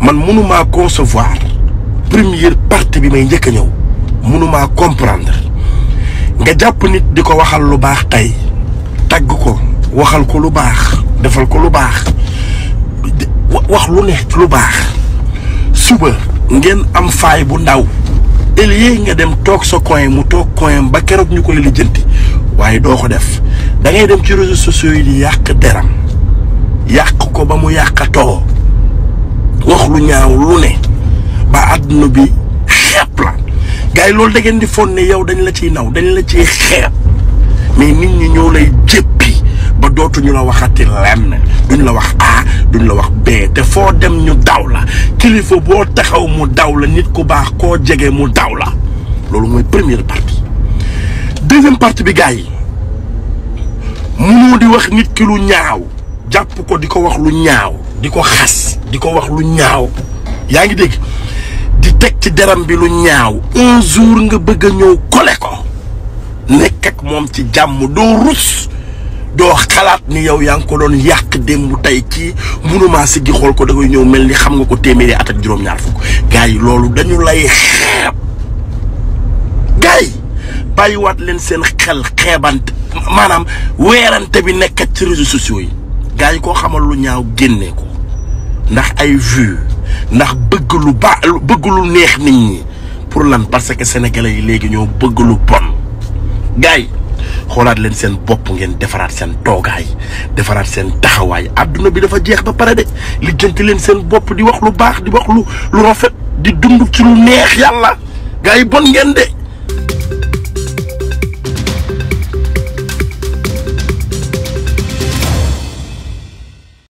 man mënumaa concevoir première partie bi may njëkk a ñëw mënumaa comprendre nga jàpp nit di ko waxal lu baax tey tagg ko waxal ko lu baax defal ko lu baax wax lu ne lu baax suba ngeen am faay bu ndaw ëllëg nga dem toog sa coin mu toog coin ba keroog ñu ko koy lijjanti waaye doo ko def da ngay dem ci réseaux sociaux yi di yàq deram yàq ko ba mu yàqatoo wax lu ñaaw lu ne ba àdduna bi xeeb la gars yi loolu da ngeen di foon ne yow dañ la ciy naw dañ la ciy xeeb mais nit ñi ñëw lay jéppi ba dootuñu la waxati lenn duñ la wax A duñ la wax B te foo dem ñu daw la kilifa boo taxaw mu daw la nit ku baax koo jege mu daw la loolu mooy première partie deuxième partie bi gars yi munoo di wax nit ki lu ñaaw jàpp ko di ko wax lu ñaaw di ko xas di ko wax lu ñaaw yaa ngi dégg di teg ci deram bi lu ñaaw un nga bëgg a ñëw kole ko nekk ak moom ci jàmm doo rus doo xalaat ni yow yaa ngi ko doon yàq démb tey ci mënumaa si gi xool ko da koy ñëw mel ni xam nga ko téeméeri at ak juróom-ñaar fukk gars yi loolu dañu lay xeeb bàyyiwaat leen seen xel xeebante maanaam weerante bi nekkat ci réseaux sociaux yi gars yi koo xamal lu ñaaw génnee ko ndax ay vues ndax bëgg lu baax bëgg lu neex nit ñi pour lan parce que sénégalais yi léegi ñoo bëgg lu bon gars yi xoolaat leen seen bopp ngeen defaraat seen toogaay defaraat seen taxawaay àdduna bi dafa jeex ba pare de lijjanti leen seen bopp di wax lu baax di wax lu lu di dund ci lu neex yàlla gars yi bon ngeen de.